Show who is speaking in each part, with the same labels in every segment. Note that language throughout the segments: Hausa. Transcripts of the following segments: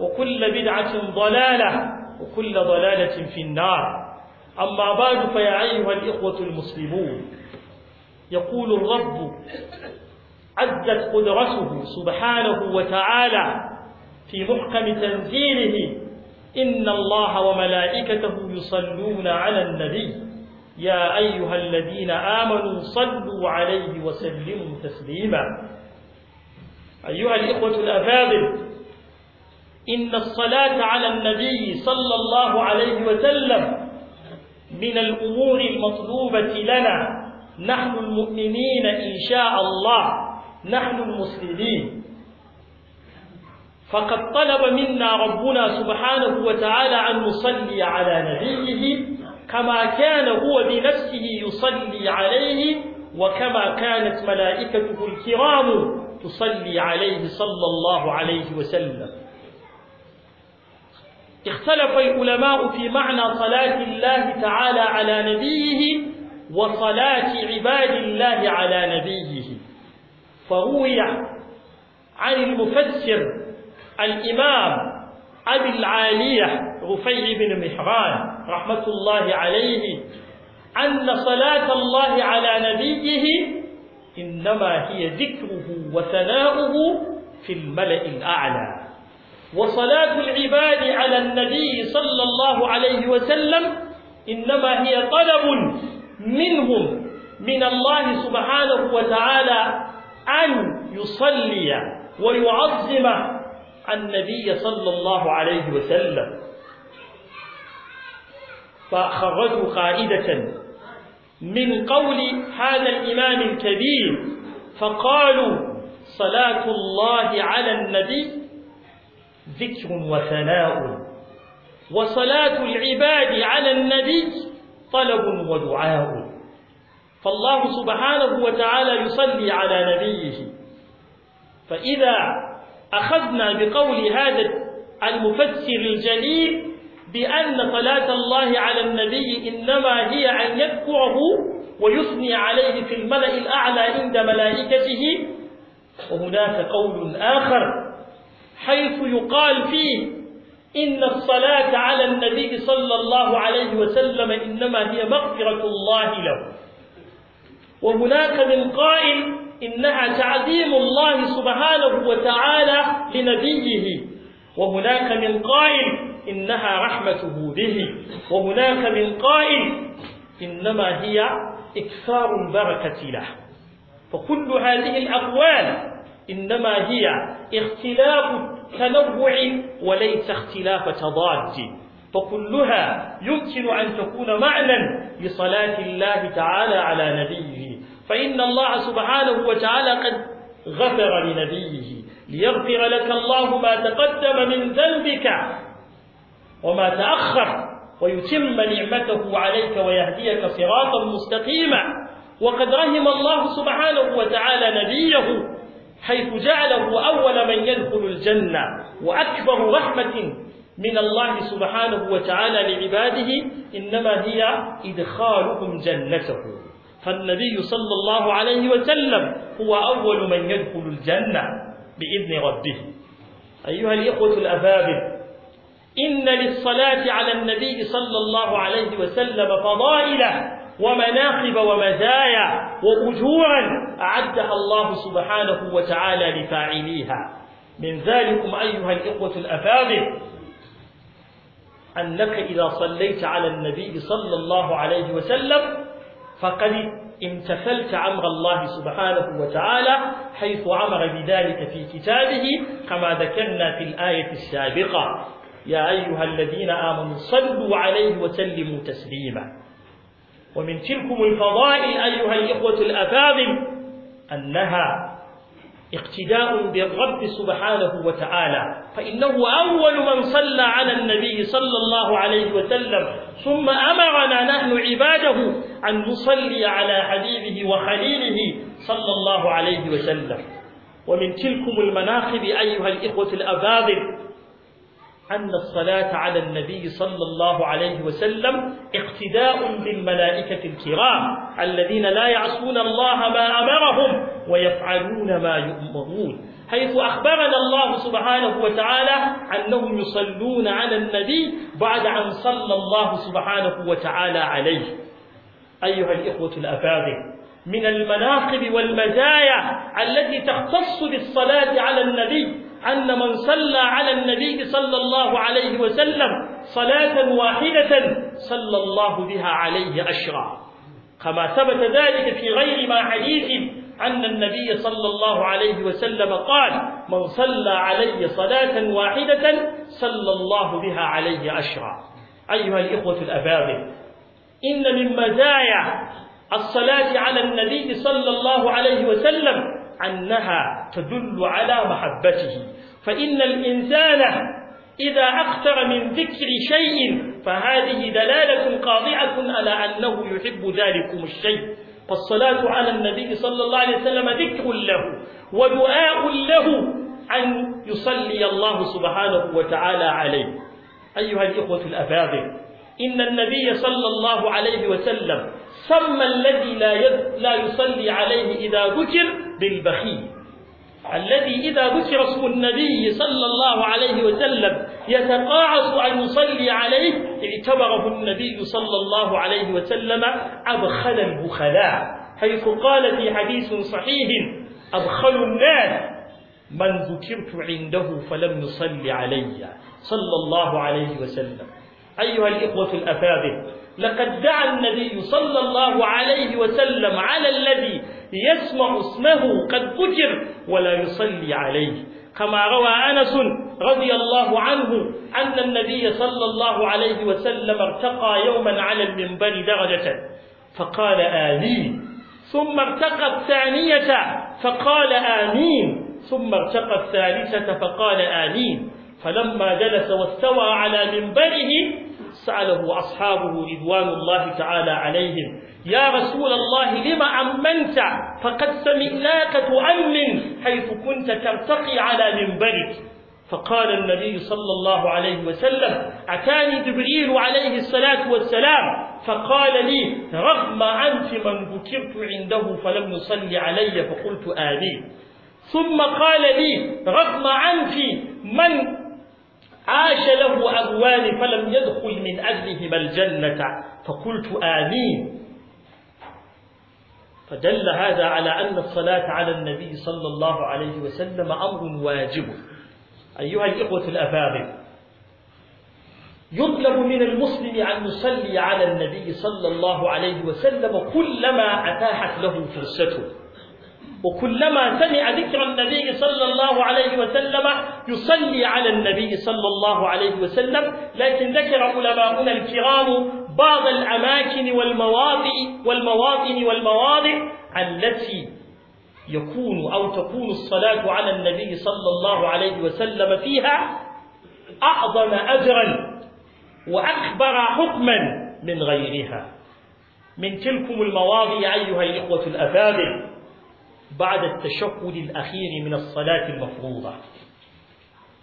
Speaker 1: وكل بدعة ضلالة وكل ضلالة في النار أما بعد فيا ايها الإخوة المسلمون يقول الرب عزت قدرته سبحانه وتعالى في محكم تنزيله إن الله وملائكته يصلون على النبي يا أيها الذين آمنوا صلوا عليه وسلموا تسليما أيها الإخوة الأفاضل إن الصلاة على النبي صلى الله عليه وسلم من الأمور المطلوبة لنا نحن المؤمنين إن شاء الله نحن المسلمين فقد طلب منا ربنا سبحانه وتعالى أن نصلي على نبيه كما كان هو بنفسه يصلي عليه وكما كانت ملائكته الكرام تصلي عليه صلى الله عليه وسلم اختلف العلماء في معنى صلاة الله تعالى على نبيه وصلاة عباد الله على نبيه فروي عن المفسر الإمام أبي العالية رفيع بن محران رحمة الله عليه أن صلاة الله على نبيه إنما هي ذكره وثناؤه في الملأ الأعلى وصلاة العباد على النبي صلى الله عليه وسلم إنما هي طلب منهم من الله سبحانه وتعالى أن يصلي ويعظم النبي صلى الله عليه وسلم فخرجوا قائدة من قول هذا الإمام الكبير فقالوا صلاة الله على النبي ذكر وثناء وصلاة العباد على النبي طلب ودعاء فالله سبحانه وتعالى يصلي على نبيه فإذا أخذنا بقول هذا المفسر الجليل بأن صلاة الله على النبي إنما هي أن يذكره ويثني عليه في الملأ الأعلى عند ملائكته وهناك قول آخر حيث يقال فيه إن الصلاة على النبي صلى الله عليه وسلم إنما هي مغفرة الله له وهناك من قائل إنها تعظيم الله سبحانه وتعالى لنبيه وهناك من قائل إنها رحمته به وهناك من قائل إنما هي إكثار البركة له فكل هذه الأقوال إنما هي اختلاف تنوع وليس اختلاف تضاد فكلها يمكن أن تكون معنى لصلاة الله تعالى على نبيه فإن الله سبحانه وتعالى قد غفر لنبيه ليغفر لك الله ما تقدم من ذنبك وما تأخر ويتم نعمته عليك ويهديك صراطا مستقيما وقد رحم الله سبحانه وتعالى نبيه حيث جعله أول من يدخل الجنة وأكبر رحمة من الله سبحانه وتعالى لعباده إنما هي إدخالكم جنته فالنبي صلى الله عليه وسلم هو أول من يدخل الجنة بإذن ربه أيها الإخوة الأبابل إن للصلاة على النبي صلى الله عليه وسلم فضائله ومناقب ومزايا وأجورا أعدها الله سبحانه وتعالى لفاعليها من ذلكم أيها الإخوة الأفاضل أنك إذا صليت على النبي صلى الله عليه وسلم فقد امتثلت امر الله سبحانه وتعالى حيث امر بذلك في كتابه كما ذكرنا في الآية السابقة يا أيها الذين آمنوا صلوا عليه وسلموا تسليما ومن تلكم الفضائل أيها الإخوة الأفاضل أنها اقتداء بالرب سبحانه وتعالى فإنه أول من صلى على النبي صلى الله عليه وسلم ثم أمرنا نحن عباده أن نصلي على حبيبه وخليله صلى الله عليه وسلم ومن تلكم المناخب أيها الإخوة الأباذل أن الصلاة على النبي صلى الله عليه وسلم اقتداء بالملائكة الكرام الذين لا يعصون الله ما أمرهم ويفعلون ما يؤمرون حيث أخبرنا الله سبحانه وتعالى أنهم يصلون على النبي بعد أن صلى الله سبحانه وتعالى عليه أيها الإخوة الأفاضل من المناقب والمزايا التي تختص بالصلاة على النبي أن من صلى على النبي صلى الله عليه وسلم صلاة واحدة صلى الله بها عليه أشرا كما ثبت ذلك في غير ما حديث أن النبي صلى الله عليه وسلم قال من صلى علي صلاة واحدة صلى الله بها عليه أشرا أيها الإخوة الأبابل إن من مزايا الصلاة على النبي صلى الله عليه وسلم أنها تدل على محبته فإن الإنسان إذا أكثر من ذكر شيء فهذه دلالة قاطعة على أنه يحب ذلكم الشيء فالصلاة على النبي صلى الله عليه وسلم ذكر له ودعاء له أن يصلي الله سبحانه وتعالى عليه أيها الإخوة الأفاضل إن النبي صلى الله عليه وسلم سمى الذي لا يصلي عليه إذا ذكر بالبخيل الذي إذا ذكر اسم النبي صلى الله عليه وسلم يتقاعس أن يصلي عليه اعتبره النبي صلى الله عليه وسلم أبخل البخلاء حيث قال في حديث صحيح أبخل الناس من ذكرت عنده فلم يصل علي صلى الله عليه وسلم أيها الإخوة الأفاضل لقد دعا النبي صلى الله عليه وسلم على الذي يسمع اسمه قد ذكر ولا يصلي عليه كما روى أنس رضي الله عنه أن النبي صلى الله عليه وسلم ارتقى يوما على المنبر درجة فقال آمين ثم ارتقى الثانية فقال آمين ثم ارتقى الثالثة فقال آمين فلما جلس واستوى على منبره سأله أصحابه رضوان الله تعالى عليهم يا رسول الله لم أمنت فقد سمعناك تؤمن حيث كنت ترتقي على منبرك فقال النبي صلى الله عليه وسلم أتاني جبريل عليه الصلاة والسلام فقال لي رغم أنت من ذكرت عنده فلم يصلي علي فقلت آمين ثم قال لي رغم أنت من عاش له أبوان فلم يدخل من أجلهما الجنة فقلت آمين فدل هذا على أن الصلاة على النبي صلى الله عليه وسلم أمر واجب أيها الإخوة الأفاضل يطلب من المسلم أن يصلي على النبي صلى الله عليه وسلم كلما أتاحت له فرصته وكلما سمع ذكر النبي صلى الله عليه وسلم يصلي على النبي صلى الله عليه وسلم لكن ذكر علماؤنا الكرام بعض الأماكن والمواضع والمواطن والمواضع التي يكون أو تكون الصلاة على النبي صلى الله عليه وسلم فيها أعظم أجرا وأكبر حكما من غيرها من تلكم المواضع أيها الإخوة الأفاضل بعد التشهد الأخير من الصلاة المفروضة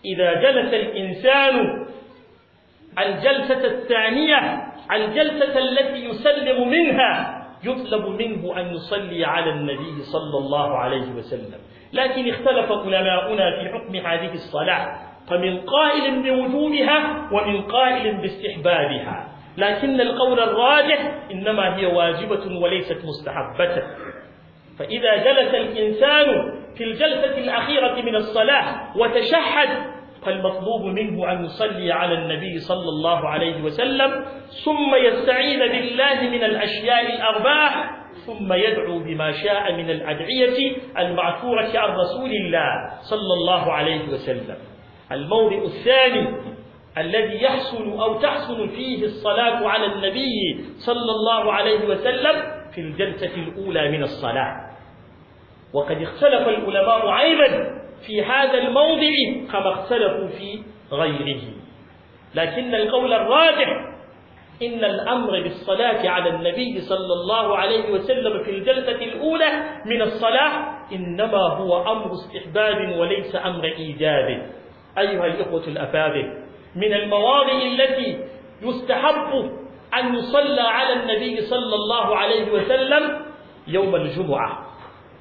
Speaker 1: إذا جلس الإنسان الجلسة الثانية الجلسة التي يسلم منها يطلب منه أن يصلي على النبي صلى الله عليه وسلم لكن اختلف علماؤنا في حكم هذه الصلاة فمن قائل بوجوبها ومن قائل باستحبابها لكن القول الراجح إنما هي واجبة وليست مستحبة فإذا جلس الإنسان في الجلسة الأخيرة من الصلاة وتشهد فالمطلوب منه أن يصلي على النبي صلى الله عليه وسلم ثم يستعين بالله من الأشياء الأرباح ثم يدعو بما شاء من الأدعية المعثورة عن رسول الله صلى الله عليه وسلم الموضع الثاني الذي يحصل أو تحصل فيه الصلاة على النبي صلى الله عليه وسلم في الجلسة الأولى من الصلاة وقد اختلف العلماء عيبا في هذا الموضع كما اختلفوا في غيره لكن القول الراجح إن الأمر بالصلاة على النبي صلى الله عليه وسلم في الجلسة الأولى من الصلاة إنما هو أمر استحباب وليس أمر إيجاب أيها الإخوة الأفاضل من المواضع التي يستحب أن يصلى على النبي صلى الله عليه وسلم يوم الجمعة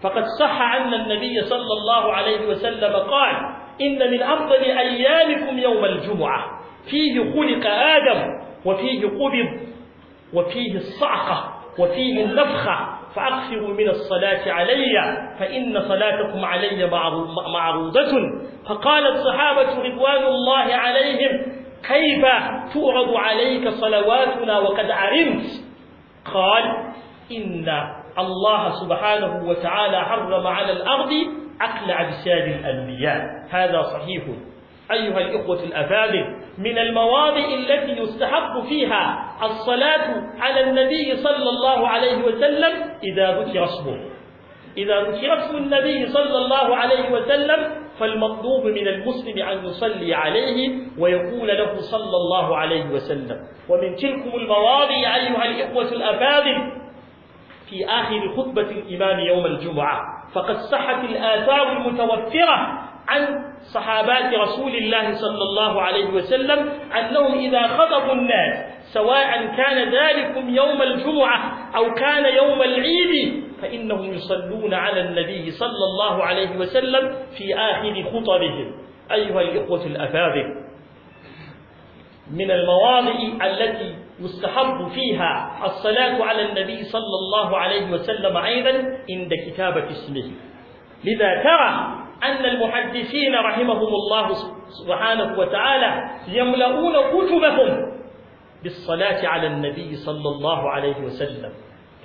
Speaker 1: فقد صح عن النبي صلى الله عليه وسلم قال إن من أفضل أيامكم يوم الجمعة فيه خلق آدم وفيه قبض وفيه الصعقة وفيه النفخة فأكثروا من الصلاة علي فإن صلاتكم علي معروضة فقال الصحابة رضوان الله عليهم كيف تعرض عليك صلواتنا وقد علمت قال إن الله سبحانه وتعالى حرم على الأرض أكل أجساد الأنبياء هذا صحيح أيها الإخوة الأفاضل من المواضع التي يستحق فيها الصلاة على النبي صلى الله عليه وسلم إذا ذكر اسمه إذا ذكر اسم النبي صلى الله عليه وسلم فالمطلوب من المسلم أن يصلي عليه ويقول له صلى الله عليه وسلم ومن تلكم المواضع أيها الإخوة الأفاضل في آخر خطبة الإمام يوم الجمعة فقد صحت الآثار المتوفرة عن صحابات رسول الله صلى الله عليه وسلم أنهم إذا خطبوا الناس سواء كان ذلكم يوم الجمعة أو كان يوم العيد فإنهم يصلون على النبي صلى الله عليه وسلم في آخر خطبهم أيها الإخوة الأفاضل من المواضع التي يستحب فيها الصلاة على النبي صلى الله عليه وسلم أيضا عند كتابة اسمه لذا ترى أن المحدثين رحمهم الله سبحانه وتعالى يملؤون كتبهم بالصلاة على النبي صلى الله عليه وسلم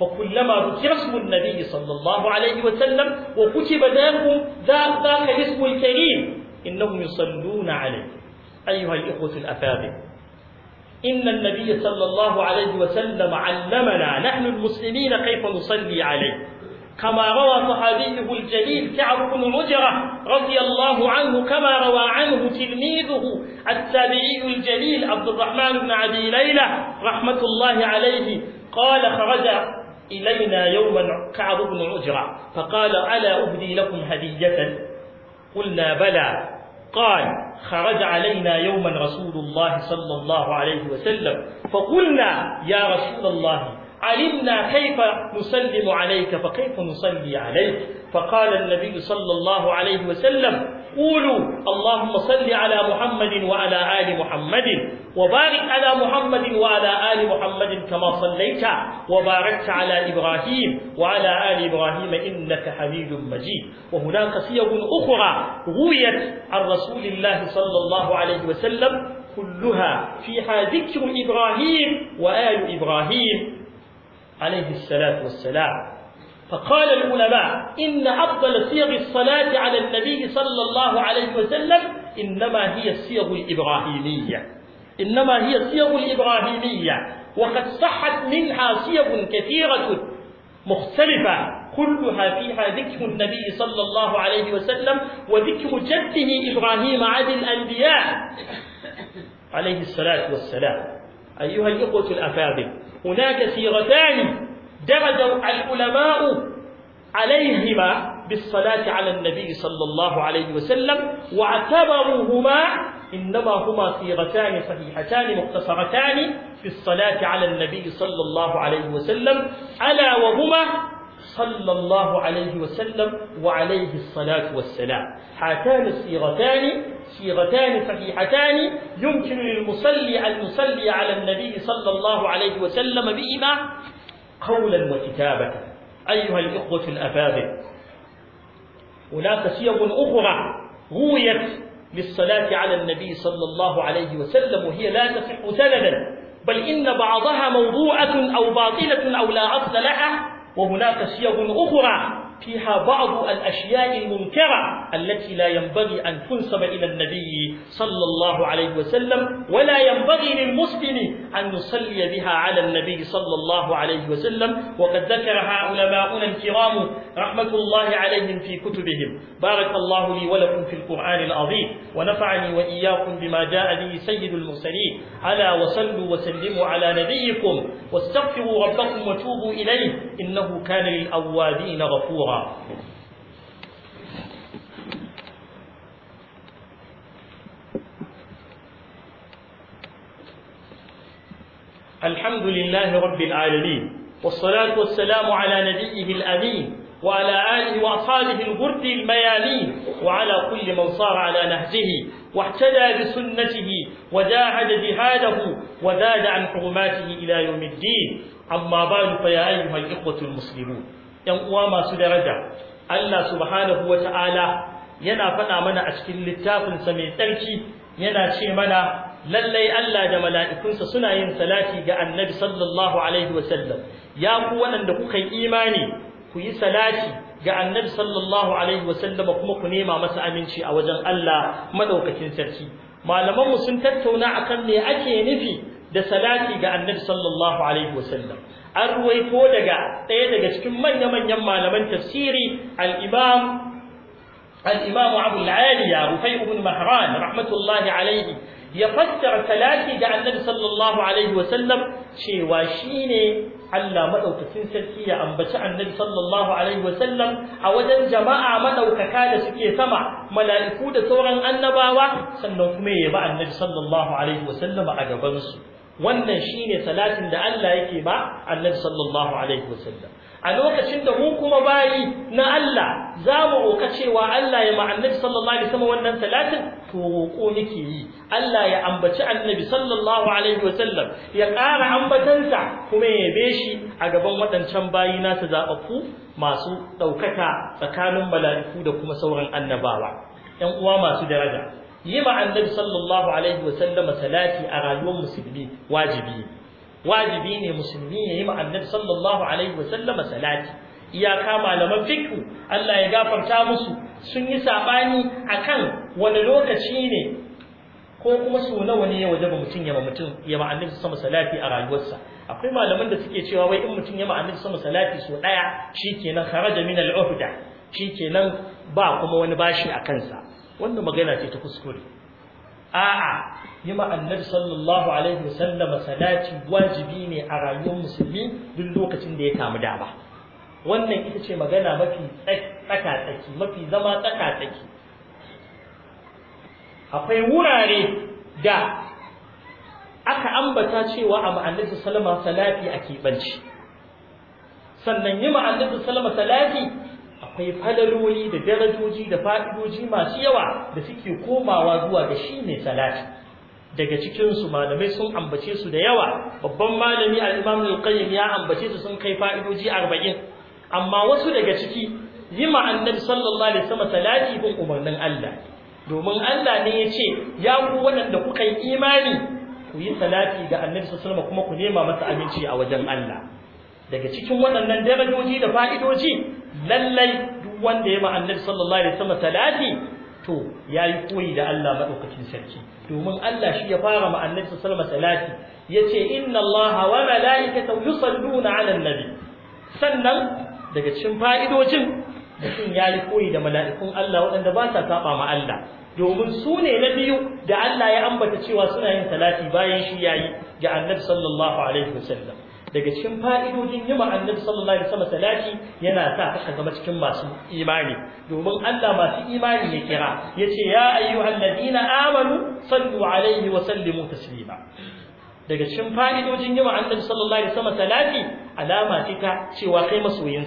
Speaker 1: فكلما ذكر اسم النبي صلى الله عليه وسلم وكتب ذاك الاسم الكريم إنهم يصلون عليه أيها الإخوة الأفاضل إن النبي صلى الله عليه وسلم علمنا نحن المسلمين كيف نصلي عليه كما روى صحابيه الجليل كعب بن عجرة رضي الله عنه كما روى عنه تلميذه التابعي الجليل عبد الرحمن بن أبي ليلى رحمة الله عليه قال خرج إلينا يوما كعب بن عجرة فقال ألا أهدي لكم هدية قلنا بلى قال خرج علينا يوما رسول الله صلى الله عليه وسلم فقلنا يا رسول الله علمنا كيف نسلم عليك فكيف نصلي عليك فقال النبي صلى الله عليه وسلم قولوا اللهم صل على محمد وعلى آل محمد وبارك على محمد وعلى آل محمد كما صليت وباركت على إبراهيم وعلى آل إبراهيم إنك حميد مجيد وهناك صيغ أخرى رويت عن رسول الله صلى الله عليه وسلم كلها فيها ذكر إبراهيم وآل إبراهيم عليه الصلاة والسلام فقال العلماء إن أفضل صيغ الصلاة على النبي صلى الله عليه وسلم إنما هي الصيغ الإبراهيمية إنما هي الصيغ الإبراهيمية وقد صحت منها صيغ كثيرة مختلفة كلها فيها ذكر النبي صلى الله عليه وسلم وذكر جده إبراهيم عن الأنبياء عليه الصلاة والسلام أيها الإخوة الأفاضل هناك سيرتان درج العلماء عليهما بالصلاة على النبي صلى الله عليه وسلم واعتبروهما إنما هما صيغتان صحيحتان مختصرتان في الصلاة على النبي صلى الله عليه وسلم ألا وهما صلى الله عليه وسلم وعليه الصلاة والسلام هاتان الصيغتان صيغتان صحيحتان يمكن للمصلي ان يصلي على النبي صلى الله عليه وسلم بهما قولا وكتابة أيها الإخوة الأفاضل هناك سير أخرى رويت للصلاة على النبي صلى الله عليه وسلم وهي لا تصح سندا بل إن بعضها موضوعة أو باطلة أو لا أصل لها وهناك سير أخرى فيها بعض الأشياء المنكرة التي لا ينبغي أن تنسب إلى النبي صلى الله عليه وسلم ولا ينبغي للمسلم أن يصلي بها على النبي صلى الله عليه وسلم وقد ذكرها علماؤنا الكرام رحمة الله عليهم في كتبهم بارك الله لي ولكم في القرآن العظيم ونفعني وإياكم بما جاء به سيد المرسلين ألا وصلوا وسلموا على نبيكم واستغفروا ربكم وتوبوا إليه إنه كان للأوابين غفورا الحمد لله رب العالمين والصلاة والسلام على نبيه الأمين وعلى آله وأصحابه الغر الميالين وعلى كل من صار على نهجه واحتدى بسنته وجاهد جهاده وزاد عن حرماته إلى يوم الدين أما بعد فيا أيها الإخوة المسلمون ينقوى ما سدرجع الله سبحانه وتعالى ينا فنا من أشكل للتاف سمي تركي ينا شي منا lallai Allah da mala'ikunsa suna yin salati ga annabi sallallahu Alaihi wasallam, ya ku waɗanda kuka yi imani ku yi salati ga annabi sallallahu alaihi wasallam kuma ku nema masa aminci a wajen Allah madaukakin sarki malaman mu sun tattauna akan me ake nufi da salati ga annabi sallallahu alaihi wasallam an ruwaito daga ɗaya daga cikin manya-manyan malaman tafsiri al-imam al-imam Abu al-Aliya Rufai ibn Mahran rahmatullahi alaihi ya fassara salati ga annabi sallallahu alaihi wasallam cewa shine Allah madaukakin sarki ya ambaci annabi sallallahu alaihi wa sallam a wajen jama'a maɗaukaka da suke sama mala'iku da sauran annabawa sannan kuma ya ba annabi sallallahu alaihi wa sallam a gaban su wannan shine salatin da Allah yake ba annabi sallallahu alaihi wa sallam. a lokacin da mu kuma bayi na Allah za mu roƙa cewa Allah ya ma'annabi sallallahu alaihi wasallam wannan salatin to roƙo nake yi Allah ya ambaci annabi sallallahu alaihi wasallam ya ƙara ambatansa kuma ya yabe shi a gaban waɗancan bayi nasa zaɓaɓɓu masu ɗaukaka tsakanin mala'iku da kuma sauran annabawa Yan uwa masu daraja yi ma annabi sallallahu alaihi wasallama salati a rayuwar musulmi wajibi wajibi ne musulmi ya yi ma annabi sallallahu alaihi wasallama salati iyaka malaman fiqh Allah ya gafarta musu sun yi sabani akan wani lokaci ne ko kuma so nawa ne ya wajaba mutum ya mutum yama annabi sama salati a rayuwarsa akwai malaman da suke cewa wai in mutum ya annabi sama salati so daya shikenan kharaja min al-uhda shikenan ba kuma wani bashi a kansa wannan magana ce ta kuskure a'a yi ma annabi sallallahu alaihi wasallam salati wajibi ne a rayuwar musulmi duk lokacin da ya kamu dama wannan ita ce magana mafi tsaka-tsaki mafi zama tsaka-tsaki akwai wurare da aka ambata cewa a ma'annabi salama salati a keɓanci sannan yi ma'annabi salama salati akwai falaloli da darajoji da fa'idoji masu yawa da suke komawa zuwa ga shi ne salati daga cikinsu malamai sun ambace su da yawa babban malami al-imam al-qayyim ya ambace su sun kai fa'idoji arba'in. amma wasu daga ciki yi ma annabi sallallahu alaihi wasallam salati bin umarnin Allah domin Allah ne ya ce ya ku da kuka yi imani ku yi salati ga annabi sallallahu alaihi wasallam kuma ku nema masa aminci a wajen Allah daga cikin waɗannan darajoji da fa'idoji lallai duk wanda ya ma'annabi sallallahu alaihi wasallam salati to yayi koyi da Allah madaukakin sarki domin Allah shi ya fara ma'annabi sallallahu alaihi wasallam salati yace inna Allah wa malaikatahu yusalluna 'alan nabi sannan daga cikin fa'idojin mutum yayi koyi da mala'ikun Allah waɗanda ba sa saba ma Allah domin su ne na biyu da Allah ya ambata cewa suna yin talati bayan shi yi ga annabi sallallahu alaihi wasallam daga cikin fa'idojin yi annabi sallallahu alaihi wasallam yana sa ka zama cikin masu imani domin Allah masu imani ya kira ya ce ya ayyuhal ladina amanu sallu alaihi wa sallimu taslima daga cikin fa'idojin yi annabi sallallahu alaihi alama ce cewa kai masoyin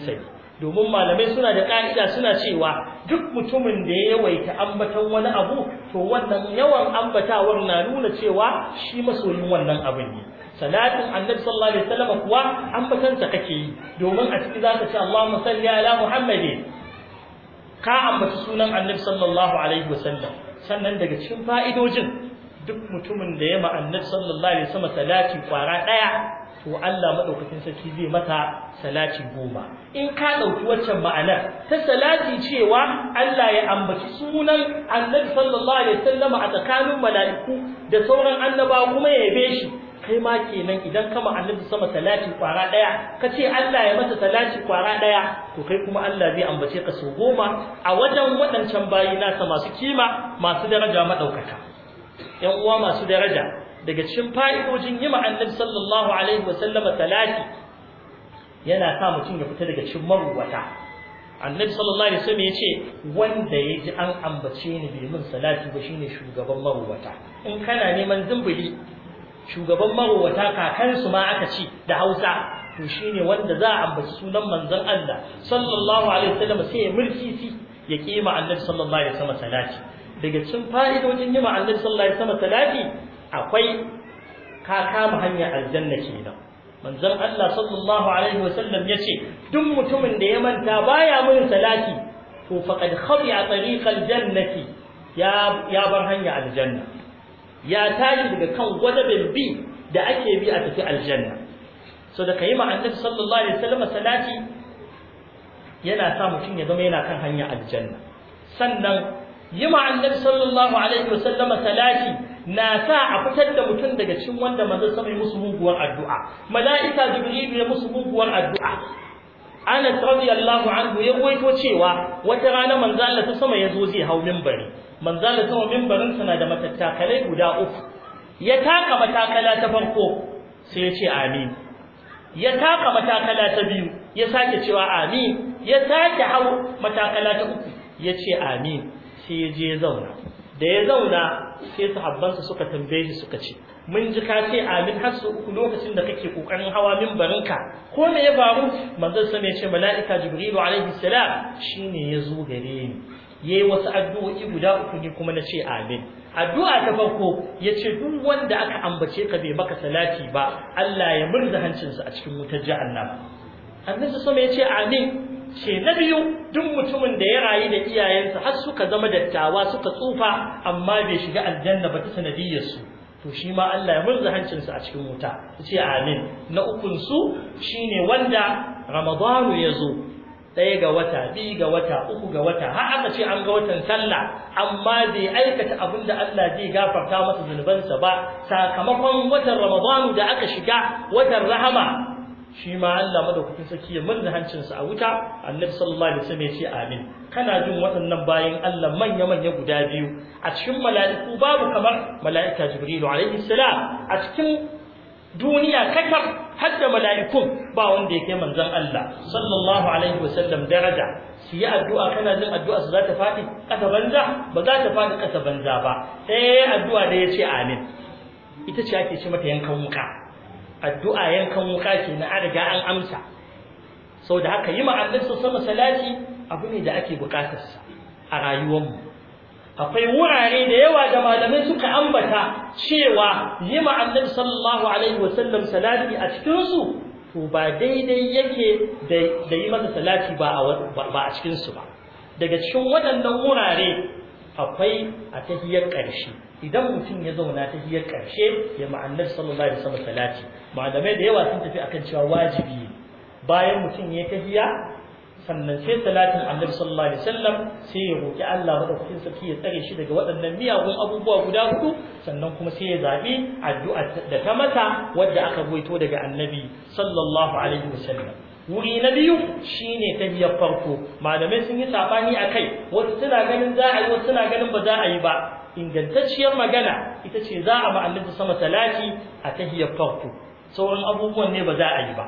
Speaker 1: domin malamai suna da ƙa'ida suna cewa duk mutumin da ya yawaita ambatan wani abu to wannan yawan ambatawar na nuna cewa shi masoyin wannan abin ne salatin annabi sallallahu alaihi wasallam kuwa an batanta kake yi domin a ciki zaka ce Allahumma salli ala Muhammadin ka ambaci sunan annabi sallallahu alaihi wasallam sannan daga cikin fa'idojin duk mutumin da ya ma annabi sallallahu alaihi wasallam salati kwara daya to Allah madaukakin sarki zai mata salati goma in ka dauki waccan ma'ana ta salati cewa Allah ya ambaci sunan annabi sallallahu alaihi wasallam a tsakanin mala'iku da sauran annabawa kuma ya yabe shi kai ma kenan idan kama annabi sama salati kwara daya kace Allah ya mata salati kwara daya to kai kuma Allah zai ambace ka sau goma a wajen waɗancan bayi nasa masu kima masu daraja maɗaukaka yan uwa masu daraja daga cikin fa'idojin yi annabi sallallahu alaihi wa sallama salati yana sa mutum ya fita daga cikin maruwata annabi sallallahu alaihi wasallam yace wanda ya ji an ambace ni bai min salati ba shine shugaban maruwata in kana neman zumbuli shugaban marowata kakansu ma aka ce da hausa to shi ne wanda za a ambaci sunan manzon Allah sallallahu alaihi wasallam sai ya mulkisi ya kima annabi sallallahu alaihi wasallam salati daga cikin fa'idojin yima annabi sallallahu alaihi wasallam salati akwai ka kama hanyar aljanna kenan manzon Allah sallallahu alaihi wasallam ce duk mutumin da ya manta baya mun salati to faqad khati'a tariqal jannati ya ya bar hanya aljanna ya tashi daga kan gwadabin bi da ake bi a tafi aljanna so da kayi annabi sallallahu alaihi wasallam salati yana sa mutum ya zama yana kan hanya aljanna sannan yi ma annabi sallallahu alaihi wasallam salati na sa a fitar da mutum daga cikin wanda manzo sama musu muguwar addu'a mala'ika jibril ya musu muguwar addu'a Anas radiyallahu anhu ya goyito cewa wata rana manzo Allah ta sama yazo zai hau minbari da sama mimbarin na da matattakalai guda uku ya taka matakala ta farko sai ya ce amin ya taka matakala ta biyu ya sake cewa amin ya sake hau matakala ta uku ya ce amin sai ya je ya zauna da ya zauna sai sahabbansa suka tambaye shi suka ce mun ji ka ce amin har su uku lokacin da kake kokarin hawa mimbarinka ko me ya faru manzo sama ya ce mala'ika jibrilu alaihi salam shine ya zo gare ni yayi wasu addu'o'i guda uku ne kuma na ce amin addu'a ta farko yace duk wanda aka ambace ka bai maka salati ba Allah ya murza hancinsa a cikin wutar jahannama annabi sama yace amin ce na biyu duk mutumin da ya rayu da iyayensa har suka zama dattawa suka tsufa amma bai shiga aljanna ba ta sanadiyar su to shi ma Allah ya murza hancinsa a cikin wuta ce amin na ukun su shine wanda ramadanu ya zo ɗaya ga wata biyu ga wata uku ga wata har aka ce an ga watan sallah amma bai aikata abin da Allah zai gafarta masa zunubansa ba sakamakon watan ramadanu da aka shiga watan rahama shi ma Allah madaukakin sakiya ya manna hancinsa a wuta annabi sallallahu alaihi wasallam ya ce amin kana jin waɗannan bayin Allah manya manya guda biyu a cikin mala'iku babu kamar mala'ika jibrilu alaihi salam a cikin duniya kakaf hadda mala'ikun ba wanda ya kai manzon Allah sallallahu alaihi wasallam daraja Su yi addu'a kana jin addu'a su za ta fadi kasa banza ba za ta fadi kasa banza ba eh addu'a da yace amin ita ce ake ce mata yankan wuka addu'a yankan wuka ce na riga an amsa saboda haka yi ma Allah masallaci, salati abu ne da ake bukatarsa a rayuwarmu akwai wurare da yawa da malamai suka ambata cewa yi ma sallallahu alaihi wasallam salati a cikinsu, to ba daidai yake da yi masa salati ba a cikin su ba daga cikin waɗannan wurare akwai a tahiyar ƙarshe idan mutum ya zauna tahiyar ƙarshe ya ma sallallahu alaihi wasallam salati malamai da yawa sun tafi akan cewa wajibi bayan mutum ya tahiya sannan sai talatin annabi sallallahu alaihi wasallam sai ya roki Allah madaukakin sarki ya tsare shi daga waɗannan miyagun abubuwa guda hudu sannan kuma sai ya zabi addu'a da ta mata wadda aka goyito daga annabi sallallahu alaihi wasallam wuri na biyu shine tahiyar farko malamai sun yi sabani akai wasu suna ganin za a yi wasu suna ganin ba za a yi ba ingantacciyar magana ita ce za a ma sama salati a tahiyar farko sauran abubuwan ne ba za a yi ba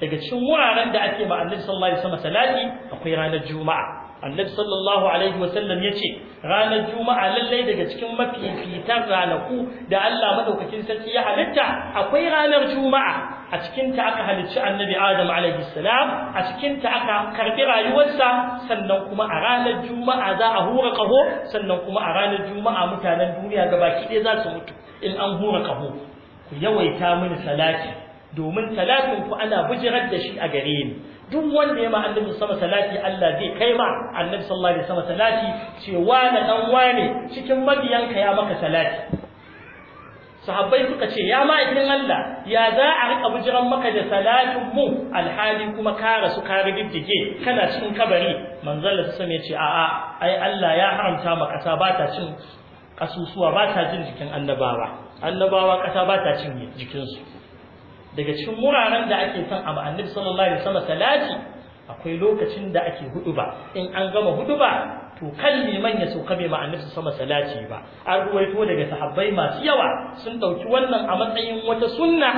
Speaker 1: daga cikin wuraren da ake ma annabi sallallahu alaihi wasallam salati akwai ranar juma'a annabi sallallahu alaihi wasallam yace ranar juma'a lallai daga cikin mafifitan ranaku da Allah madaukakin sarki ya halitta akwai ranar juma'a a cikin ta aka halicci annabi Adam alaihi salam a cikin ta aka karbi rayuwarsa sannan kuma a ranar juma'a za a hura kaho sannan kuma a ranar juma'a mutanen duniya gaba ɗaya za su mutu in an hura kaho ku yawaita mini salati domin talatin ku ana bujirar da shi a gare ni duk wanda ya ma annabi sama salati Allah zai kai ma annabi sallallahu alaihi wasallam salati cewa na dan wane cikin mabiyanka ya maka salati sahabbai suka ce ya ma'aikin Allah ya za a rika bujiran maka da salatin mu alhali kuma ka rasu ka riddige kana cikin kabari manzon Allah ya ce a'a ai Allah ya haramta ma kasa ba ta cin kasusuwa ba ta jin jikin annabawa annabawa kasa ba ta cin jikinsu daga cikin wuraren da ake son abu annabi sallallahu alaihi wasallam salati akwai lokacin da ake huduba in an gama huduba to kan liman ya sauka bai ma annabi sama salati ba an ruwaito daga sahabbai masu yawa sun dauki wannan a matsayin wata sunna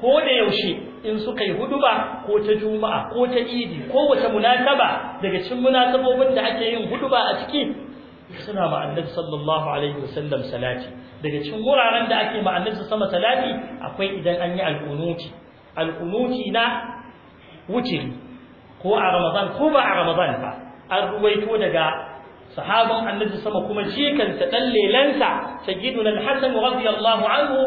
Speaker 1: ko da yaushe in suka yi huduba ko ta juma'a ko ta idi ko wata munasaba daga cikin munasabobin da ake yin huduba a ciki suna ma sallallahu alaihi wasallam salati daga cikin wuraren da ake ma sama salati akwai idan an yi alkunuti alkunuti na wutiri ko a ramadan ko ba a ramadan ba an ruwaito daga sahabar annabi sama kuma shi kansa dan lelansa sayyiduna al-hasan radiyallahu anhu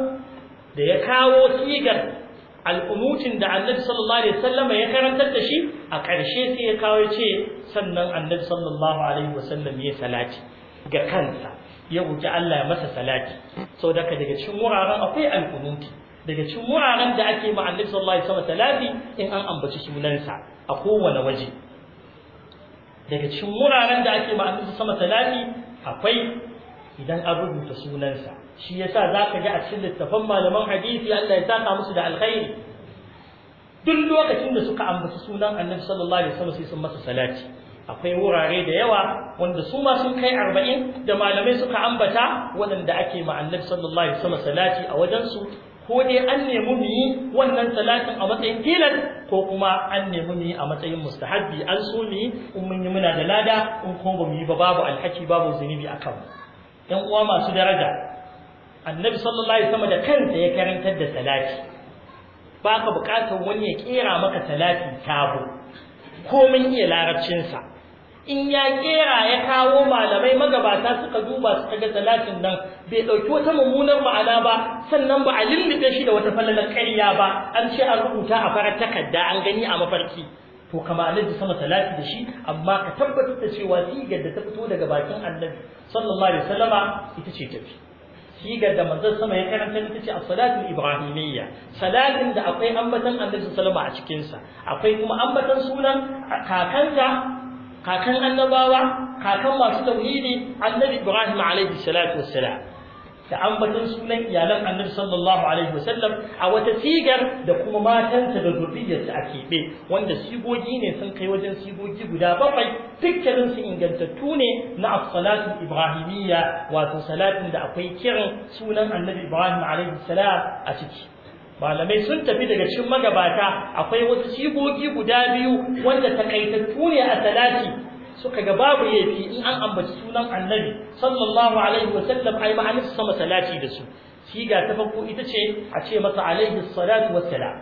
Speaker 1: da ya kawo sigar al'umutin da annabi sallallahu alaihi wasallam ya karantar da shi a ƙarshe sai ya kawo ce sannan annabi sallallahu alaihi wasallam ya salati ga kansa ya roki Allah ya masa salati saboda daga cikin wuraren akwai al'umuti daga cikin wuraren da ake ma annabi sallallahu alaihi wasallam salati in an ambaci sunansa a kowane waje daga cikin wuraren da ake ma annabi sallallahu alaihi wasallam salati akwai idan an rubuta sunansa shi yasa zaka ga a cikin littafan malaman hadisi Allah ya saka musu da alkhairi duk lokacin da suka ambaci sunan Annabi sallallahu alaihi wasallam sai sun masa salati akwai wurare da yawa wanda su ma sun kai arba'in da malamai suka ambata waɗanda ake ma Annabi sallallahu alaihi wasallam salati a wajen su ko dai an nemi mu yi wannan salatin a matsayin tilas ko kuma an nemi mu yi a matsayin mustahabbi an so mu yi in mun yi muna da lada in kuma ba mu yi ba babu alhaki babu zunubi a mu yan uwa masu daraja annabi sallallahu alaihi wasallam da kansa ya karantar da salati ka bukatar wani ya ƙera maka salati tabo komin iya larabcinsa. in ya ƙera, ya kawo malamai magabata suka duba suka ga salatin nan bai ɗauki wata mummunar ma'ana ba sannan ba a lullube shi da wata falalar ƙarya ba an ce an rubuta a farar takarda an gani a mafarki to kama alaihi sama salati da shi amma ka tabbatar da cewa sigar da ta fito daga bakin annabi sallallahu alaihi wasallama ita ce ta fi. sigar da manzon sama ya karanta ita ce as-salatu ibrahimiyya salatin da akwai ambatan annabi sallallahu alaihi a cikin sa akwai kuma ambatan sunan kakansa kakan annabawa kakan masu tauhidi annabi ibrahim alaihi salatu wassalam da ambaton sunan iyalan annabi sallallahu alaihi wasallam a wata sigar da kuma matansa da zuriyarsa a keɓe wanda sigogi ne sun kai wajen sigogi guda bakwai dukkanin su ingantattu ne na as-salatu ibrahimiyya wato salatin da akwai kiran sunan annabi ibrahim alaihi salam a ciki malamai sun tafi daga cikin magabata akwai wasu sigogi guda biyu wanda takaitattu ne a salati suka ga babu fi in an ambaci sunan annabi sallallahu alaihi wa sallam ai su sama salati da su ga ta farko ita ce a ce masa alaihi salatu wa salam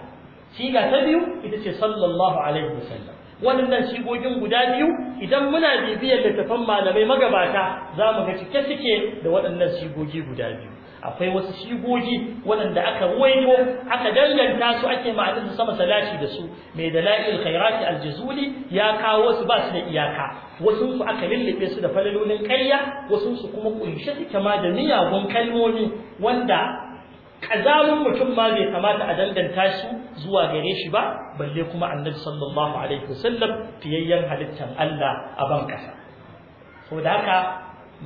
Speaker 1: ga ta biyu ita ce sallallahu alaihi wa sallam waɗannan sigogin guda biyu idan muna bibiyar littafan malamai magabata za mu ga cike cike da waɗannan sigogi guda biyu akwai wasu shigogi waɗanda aka ruwayo aka danganta su ake ma'anin sama salashi da su mai dalail khairati aljazuli ya kawo wasu, ba su da iyaka wasu su aka lullube su da falalolin ƙarya wasu su kuma kunshe suke ma da miyagun kalmomi wanda kazamin mutum ma bai kamata a danganta su zuwa gare shi ba balle kuma annabi sallallahu alaihi wasallam fiyayyen halittar Allah a ban kasa saboda haka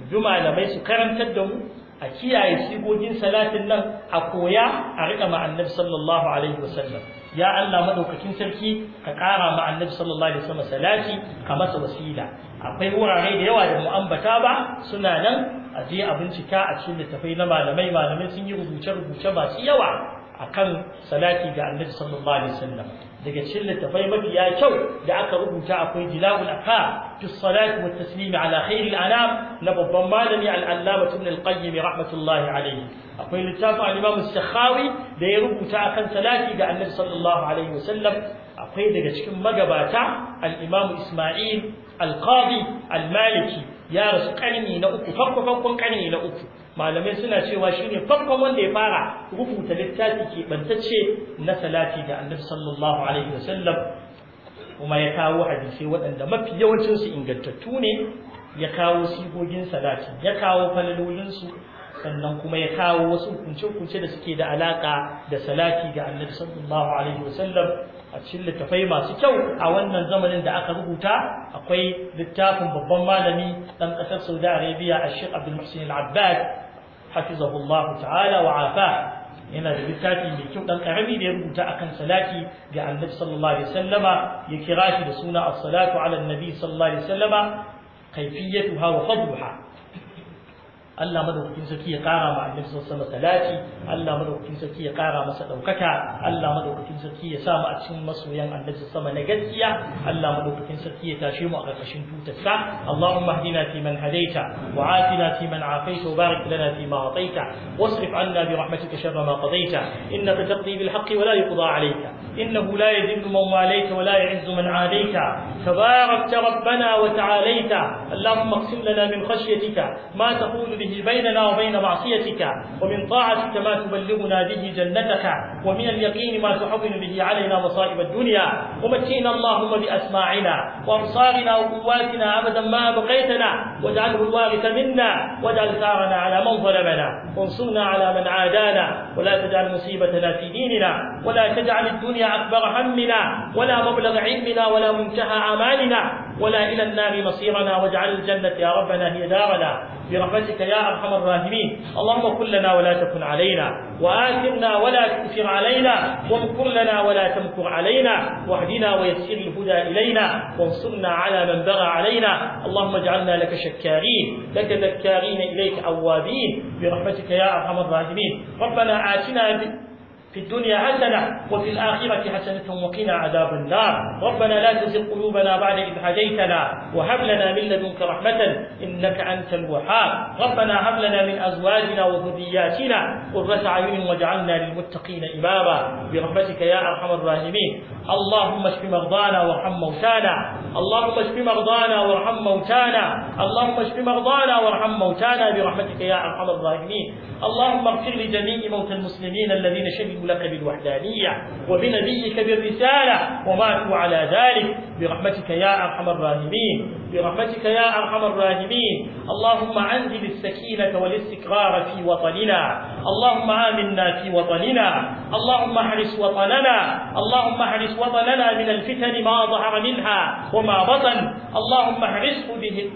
Speaker 1: mu malamai su karantar da mu a kiyaye sigogin salatin nan a koya a riƙa ma sallallahu alaihi wasallam ya Allah maɗaukacin sarki ka ƙara ma sallallahu alaihi wasallam salati ka masa wasila akwai wurare da yawa da mu ambata ba suna nan a je a bincika a cikin littafai na malamai malamai sun yi rubuce-rubuce masu yawa akan salati ga annabi sallallahu alaihi wasallam daga cikin littafai mafiya kyau da aka rubuta akwai jilawul aka fi salati wa taslimi ala khairil anam na babban malami al tun ibn al rahmatullahi alayhi akwai littafin alimamu imam da ya rubuta akan salati ga annabi sallallahu alaihi wasallam akwai daga cikin magabata alimamu isma'il al almaliki al-maliki ya rasu ƙarni na uku farko farkon karni na uku malamai suna cewa shine farkon wanda ya fara rubuta littafi ke bantacce na salati da annabi sallallahu alaihi wasallam kuma ya kawo hadisai waɗanda mafi yawancinsu ingantattu ne ya kawo sigogin salati ya kawo falalolinsu sannan kuma ya kawo wasu hukunce-hukunce da suke da alaka da salati ga annabi sallallahu alaihi wasallam a cikin littafai masu kyau a wannan zamanin da aka rubuta akwai littafin babban malami dan kasar Saudi Arabia Sheikh Abdul Muhsin Al-Abbad hafizahullahu ta'ala wa afa yana da littafi mai kyau dan karami da ya rubuta akan salati ga annabi sallallahu alaihi wasallama ya kira shi da suna as-salatu ala annabi sallallahu alaihi wasallama kaifiyatuha wa fadluha Allah madaukakin sarki ya kara ma annabi sallallahu alaihi Allah madaukakin sarki ya kara masa daukaka Allah madaukakin sarki ya sa mu a cikin masoyan annabi sama na gaskiya Allah madaukakin sarki ya tashe mu a karkashin tutarsa Allahumma hdina fi man hadaita wa afina fi man afaita wa barik lana fi ma ataita wasrif anna bi rahmatika sharra ma qadaita innaka taqdi bil haqqi wa la yuqda alayka إنه لا يذل من واليت ولا يعز من عاديت تباركت ربنا وتعاليت اللهم اقسم لنا من خشيتك ما تقول به بيننا وبين معصيتك ومن طاعتك ما تبلغنا به جنتك ومن اليقين ما تحضن به علينا مصائب الدنيا ومتينا اللهم بأسماعنا وأبصارنا وقواتنا أبدا ما أبقيتنا واجعله الوارث منا واجعل ثارنا على من ظلمنا وانصرنا على من عادانا ولا تجعل مصيبتنا في ديننا ولا تجعل الدنيا إلى أكبر همنا ولا مبلغ علمنا ولا منتهى آمالنا ولا إلى النار مصيرنا واجعل الجنة يا ربنا هي دارنا برحمتك يا أرحم الراحمين اللهم كن لنا ولا تكن علينا وآثرنا ولا تؤثر علينا وامكر لنا ولا تمكر علينا واهدنا ويسر الهدى إلينا وانصرنا على من بغى علينا اللهم اجعلنا لك شكارين لك ذكارين إليك أوابين برحمتك يا أرحم الراحمين ربنا آتنا في الدنيا حسنة وفي الآخرة حسنة وقنا عذاب النار ربنا لا تزغ قلوبنا بعد إذ هديتنا وهب لنا من لدنك رحمة إنك أنت الوهاب ربنا هب لنا من أزواجنا وذرياتنا قرة أعين واجعلنا للمتقين إماما برحمتك يا أرحم الراحمين اللهم اشف مرضانا وارحم موتانا اللهم اشف مرضانا وارحم موتانا اللهم اشف مرضانا وارحم موتانا برحمتك يا ارحم الراحمين اللهم اغفر لجميع موتى المسلمين الذين شهدوا لك بالوحدانيه وبنبيك بالرساله وماتوا على ذلك برحمتك يا ارحم الراحمين برحمتك يا أرحم الراحمين اللهم أنزل السكينة والاستقرار في وطننا اللهم آمنا في وطننا اللهم احرس وطننا اللهم احرس وطننا من الفتن ما ظهر منها وما بطن اللهم احرسه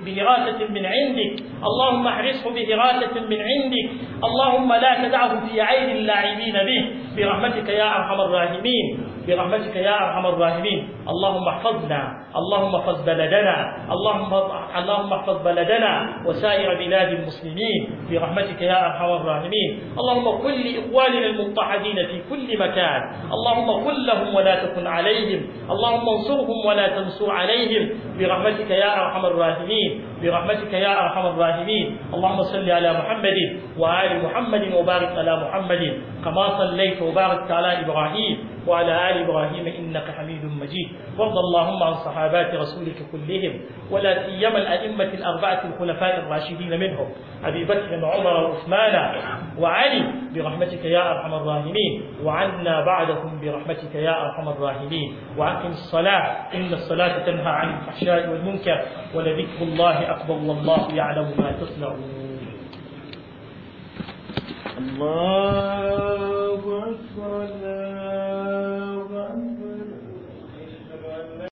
Speaker 1: بهراسة من عندك اللهم احرسه بهراسة من عندك اللهم لا تدعه في عين اللاعبين به برحمتك يا أرحم الراحمين برحمتك يا أرحم الراحمين اللهم احفظنا اللهم احفظ بلدنا اللهم اللهم احفظ بلدنا وسائر بلاد المسلمين برحمتك يا ارحم الراحمين اللهم كن لاخواننا المضطهدين في كل مكان اللهم كن لهم ولا تكن عليهم اللهم انصرهم ولا تنصر عليهم برحمتك يا ارحم الراحمين برحمتك يا أرحم الراحمين اللهم صل على محمد وآل محمد وبارك على محمد كما صليت وباركت على إبراهيم وعلى آل إبراهيم إنك حميد مجيد وارض اللهم عن صحابات رسولك كلهم ولا سيما الأئمة الأربعة الخلفاء الراشدين منهم أبي بكر وعمر وعثمان وعلي برحمتك يا أرحم الراحمين وعنا بعدهم برحمتك يا أرحم الراحمين وأقم الصلاة إن الصلاة تنهى عن الفحشاء والمنكر ولذكر الله أكبر والله يعلم ما تصنعون الله أكبر